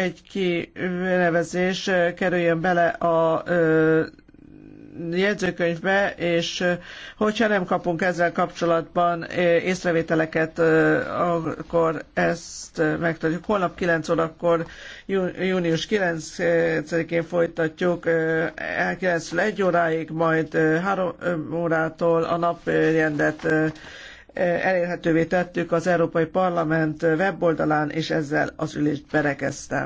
egy kinevezés kerüljön bele a jegyzőkönyvbe, és hogyha nem kapunk ezzel kapcsolatban észrevételeket, akkor ezt megtudjuk. Holnap 9 órakor, június 9-én folytatjuk, 9 1 óráig, majd 3 órától a naprendet elérhetővé tettük az Európai Parlament weboldalán, és ezzel az ülést berekeztem.